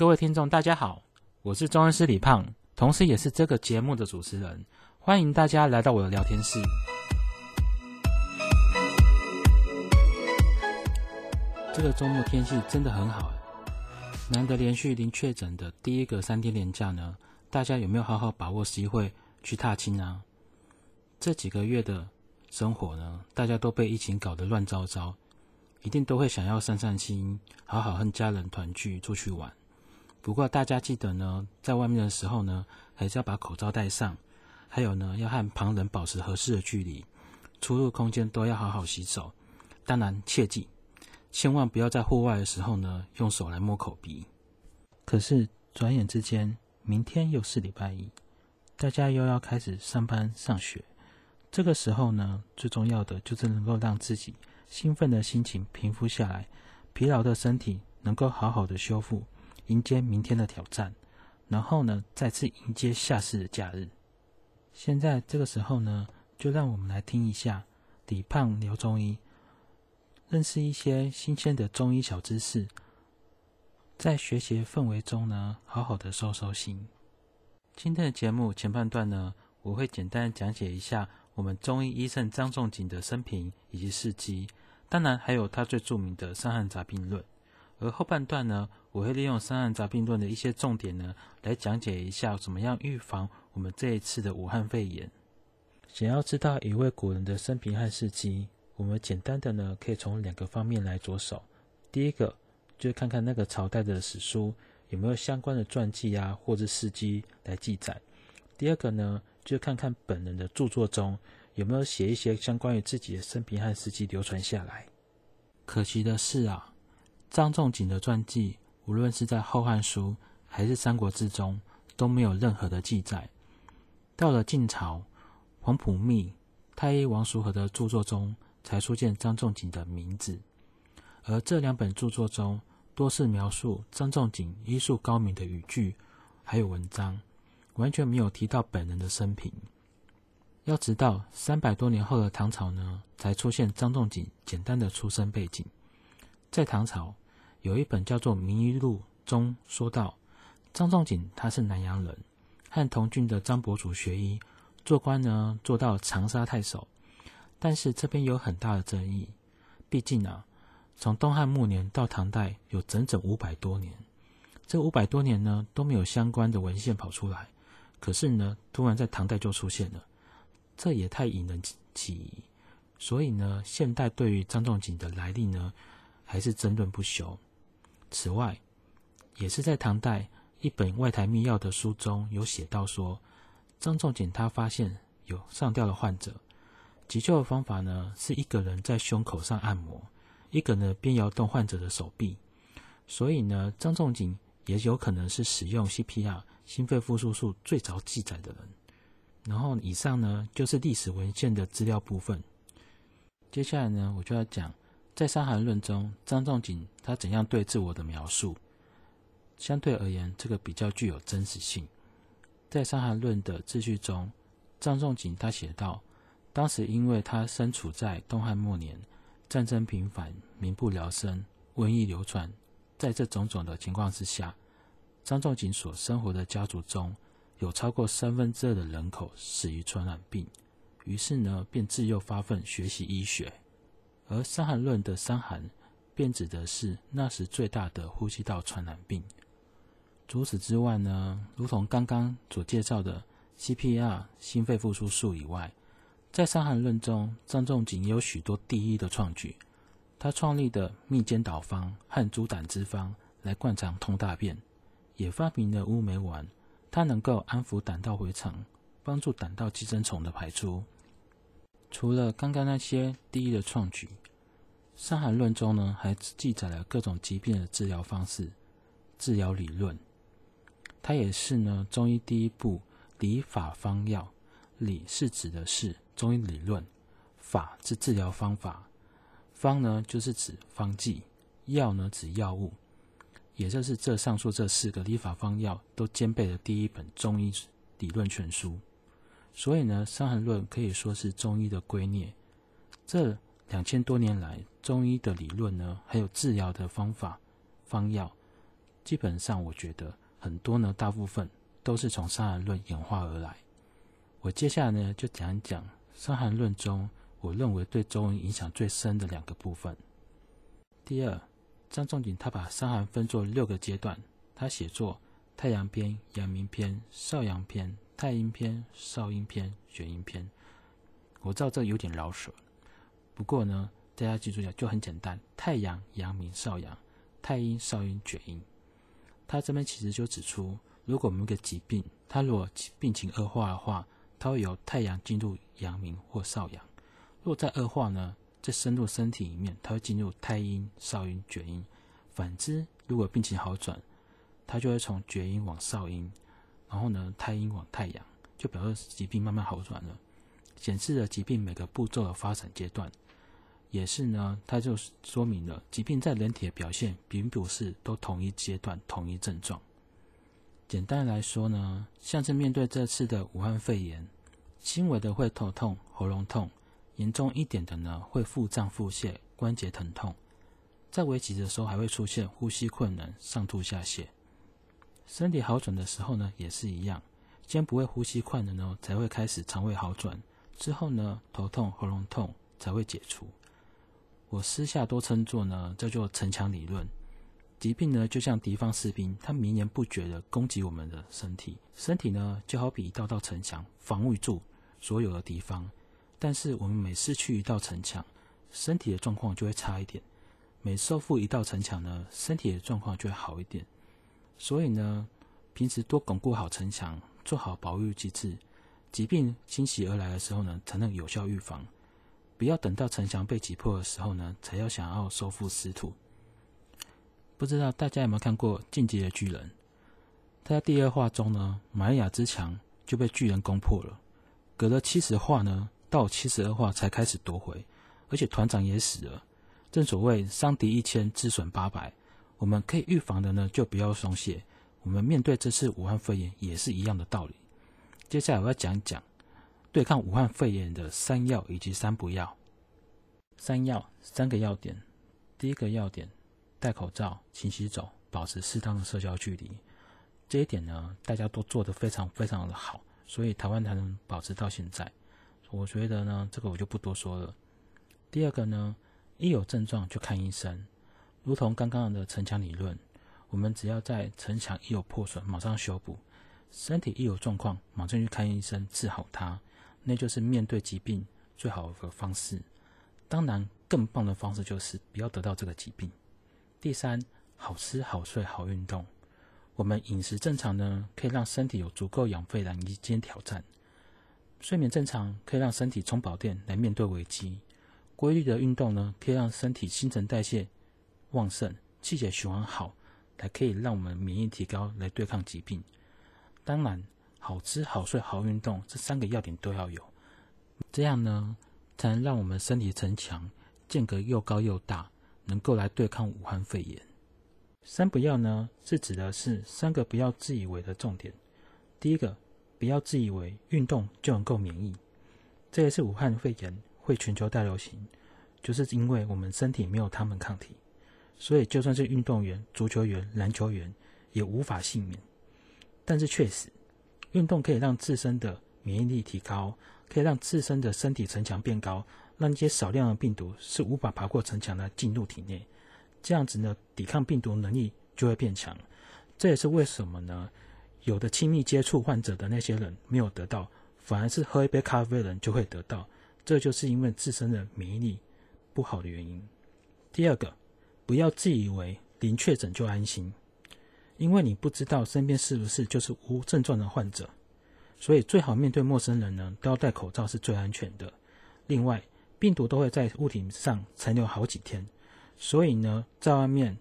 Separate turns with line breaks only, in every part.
各位聽眾，大家好，我是中醫師李胖，同時也是這個節目的主持人。歡迎大家來到我的聊天室。這個周末天氣真的很好，難得連續零確診的第一個三天連假呢，大家有沒有好好把握機會去踏青啊？這幾個月的生活呢，大家都被疫情搞得亂糟糟，一定都會想要散散心，好好和家人團聚，出去玩。不過，大家記得呢，在外面的時候呢，還是要把口罩戴上。還有呢，要和旁人保持合適的距離，出入空間都要好好洗手。當然，切記，千萬不要在戶外的時候呢，用手來摸口鼻。可是，轉眼之間，明天又是禮拜一，大家又要開始上班上學。這個時候呢，最重要的就是能夠讓自己興奮的心情平復下來，疲勞的身體能夠好好的修復。迎接明天的挑戰，然後呢，再次迎接下次的假日。現在這個時候呢，就讓我們來聽一下李胖聊中醫，認識一些新鮮的中醫小知識，在學習氛圍中呢，好好的收收心。今天的節目前半段呢，我會簡單講解一下我們中醫醫聖張仲景的生平以及事跡，當然還有他最著名的《傷寒雜病論》。而後半段呢，我會利用《傷寒雜病論》的一些重點呢，來講解一下怎麼樣預防我們這一次的武漢肺炎。想要知道一位古人的生平和事蹟，我們簡單的呢，可以從兩個方面來着手。第一個，就看看那個朝代的史書有沒有相關的傳記啊，或者史記來記載；第二個呢，就看看本人的著作中有沒有寫一些相關於自己的生平和事蹟流傳下來。可惜的是啊。張仲景的傳記，無論是在《後漢書》還是《三國志》中，都沒有任何的記載。到了晉朝，皇甫謐、太醫王叔和的著作中，才出現張仲景的名字。而這兩本著作中，多是描述張仲景醫術高明的語句，還有文章，完全沒有提到本人的生平。要知道，三百多年後的唐朝呢，才出現張仲景簡單的出生背景。在唐朝。有一本叫做《名醫錄》中說道，張仲景他是南陽人，和同郡的張伯祖學醫，做官呢做到長沙太守。但是這邊有很大的爭議，畢竟啊，從東漢末年到唐代有整整五百多年，這五百多年呢都沒有相關的文獻跑出來，可是呢，突然在唐代就出現了，這也太引人起疑。所以呢，現代對於張仲景的來歷呢，還是爭論不休。此外，也是在唐代一本外台秘要的書中有寫到說，張仲景他發現有上吊的患者，急救的方法呢是一個人在胸口上按摩，一個呢邊搖動患者的手臂，所以呢張仲景也有可能是使用 CPR 心肺復甦術最早記載的人。然後以上呢就是歷史文獻的資料部分，接下來呢我就要講。在《傷寒論》中，張仲景他怎樣對自我的描述？相對而言，這個比較具有真實性。在《傷寒論》的自序中，張仲景他寫道：“當時因為他身處在東漢末年，戰爭頻繁，民不聊生，瘟疫流傳。在這種種的情況之下，張仲景所生活的家族中有超過三分之二的人口死於傳染病。於是呢，便自幼發奮學習醫學。”而《傷寒論》的傷寒，便指的是那時最大的呼吸道傳染病。除此之外呢，如同剛剛所介紹的 CPR 心肺復甦術以外，在《傷寒論》中，張仲景有許多第一的創舉。他創立的蜜煎導方和豬膽汁方來灌腸通大便，也發明了烏梅丸，它能夠安撫膽道回腸，幫助膽道寄生蟲的排出。除了剛剛那些第一的創舉。傷寒論中呢，還記載了各種疾病的治療方式、治療理論。它也是呢，中醫第一部理法方藥。理是指的是中醫理論，法是治療方法，方呢就是指方劑，藥呢指藥物。也就是這上述這四個理法方藥都兼備的第一本中醫理論全書。所以呢，《傷寒論》可以說是中醫的圭臬。這。兩千多年來，中醫的理論呢，還有治療的方法、方藥，基本上我覺得很多呢，大部分都是從《傷寒論》演化而來。我接下來呢就講一講《傷寒論》中我認為對中醫影響最深的兩個部分。第二，張仲景他把傷寒分作六個階段，他寫作太陽篇、陽明篇、少陽篇、太陰篇、少陰篇、厥陰篇。我知道這有點饒舌。不過呢，大家記住一下就很簡單：太陽、陽明、少陽、太陰、少陰、厥陰。他這邊其實就指出，如果某個疾病，它如果病情惡化的話，它會由太陽進入陽明或少陽；如果再惡化呢，再深入身體裡面，它會進入太陰、少陰、厥陰。反之，如果病情好轉，它就會從厥陰往少陰，然後呢，太陰往太陽，就表示疾病慢慢好轉了，顯示了疾病每個步驟的發展階段。也是呢，它就說明了疾病在人體的表現並不是都同一階段、同一症狀。簡單來說呢，像是面對這次的武漢肺炎，輕微的會頭痛、喉嚨痛；嚴重一點的呢，會腹脹、腹瀉、關節疼痛；在危急的時候還會出現呼吸困難、上吐下瀉。身體好轉的時候呢，也是一樣，先不會呼吸困難哦，才會開始腸胃好轉，之後呢，頭痛、喉嚨痛才會解除。我私下都稱作呢，叫做城牆理論。疾病呢，就像敵方士兵，他綿延不絕的攻擊我們的身體。身體呢，就好比一道道城牆，防禦住所有的敵方。但是我們每失去一道城牆，身體的狀況就會差一點；每收復一道城牆呢，身體的狀況就會好一點。所以呢，平時多鞏固好城牆，做好保育機制，疾病侵襲而來的時候呢，才能有效預防。不要等到城牆被擊破的時候呢，才要想要收復失土。不知道大家有沒有看過《進擊的巨人》？他在第二話中呢，瑪利亞之牆就被巨人攻破了。隔了七十話呢，到七十二話才開始奪回，而且團長也死了。正所謂傷敵一千，自損八百。我們可以預防的呢，就不要鬆懈。我們面對這次武漢肺炎也是一樣的道理。接下來我要講一講。對抗武漢肺炎的三要以及三不要。三要，三個要點，第一個要點，戴口罩、勤洗手、保持適當的社交距離。這一點呢，大家都做得非常非常的好，所以台灣才能保持到現在。我覺得呢，這個我就不多說了。第二個呢，一有症狀就看醫生，如同剛剛的城牆理論，我們只要在城牆一有破損，馬上修補；身體一有狀況，馬上去看醫生，治好它。那就是面對疾病最好的方式。當然，更棒的方式就是不要得到這個疾病。第三，好吃、好睡、好運動。我們飲食正常呢，可以讓身體有足夠養分來迎接挑戰；睡眠正常，可以讓身體充飽電來面對危機；規律的運動呢，可以讓身體新陳代謝旺盛、氣血循環好，來可以讓我們免疫提高來對抗疾病。當然。好吃、好睡、好運動，這三個要點都要有，這樣呢，才能讓我們身體城牆，間隔又高又大，能夠來對抗武漢肺炎。三不要呢，是指的是三個不要自以為的重點。第一個，不要自以為運動就能夠免疫，這也是武漢肺炎會全球大流行，就是因為我們身體沒有他們抗體，所以就算是運動員、足球員、籃球員也無法幸免。但是確實。運動可以讓自身的免疫力提高，可以讓自身的身體城牆變高，讓一些少量的病毒是無法爬過城牆來進入體內。這樣子呢，抵抗病毒能力就會變強。這也是為什麼呢，有的親密接觸患者的那些人沒有得到，反而是喝一杯咖啡的人就會得到，這就是因為自身的免疫力不好的原因。第二個，不要自以為零確診就安心。因為你不知道身邊是不是就是無症狀的患者，所以最好面對陌生人呢都要戴口罩是最安全的。另外，病毒都會在物體上殘留好幾天，所以呢在外面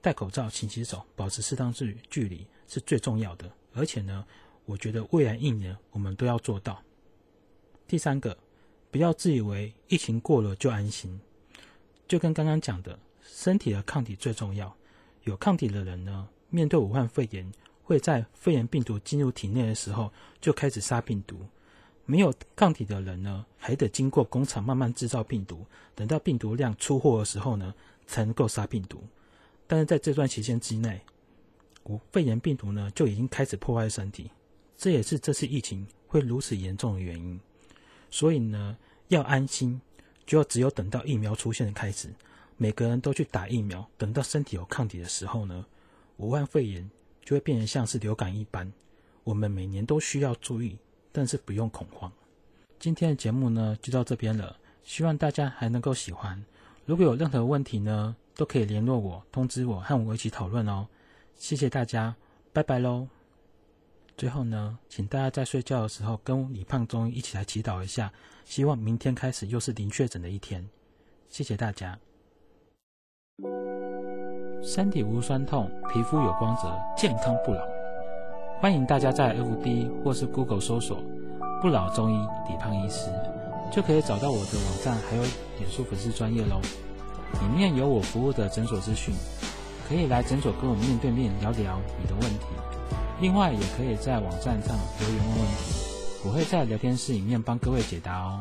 戴口罩，勤洗手、保持適當距距離是最重要的。而且呢，我覺得未來一年我們都要做到。第三個，不要自以為疫情過了就安心，就跟剛剛講的，身體的抗體最重要，有抗體的人呢。面對武漢肺炎，會在肺炎病毒進入體內的時候就開始殺病毒。沒有抗體的人呢，還得經過工廠慢慢制造病毒，等到病毒量出貨的時候呢，才能夠殺病毒。但是在這段期間之內，肺炎病毒呢就已經開始破壞身體，這也是這次疫情會如此嚴重的原因。所以呢，要安心，就要只有等到疫苗出現的開始，每個人都去打疫苗，等到身體有抗體的時候呢。武漢肺炎就會變得像是流感一般，我們每年都需要注意，但是不用恐慌。今天的節目呢就到這邊了，希望大家還能夠喜歡。如果有任何問題呢，都可以聯絡我，通知我，和我一起討論哦。謝謝大家，拜拜嘍。最後呢，請大家在睡覺的時候跟李胖中醫一起來祈禱一下，希望明天開始又是零確診的一天。謝謝大家。嗯身體無酸痛，皮膚有光澤，健康不老。歡迎大家在 FB 或是 Google 搜索“不老中醫李胖醫師”，就可以找到我的網站，還有臉書粉絲專業咯。裡面有我服務的診所資訊，可以來診所跟我面對面聊聊你的問題。另外，也可以在網站上留言問問題，我會在聊天室裡面幫各位解答哦。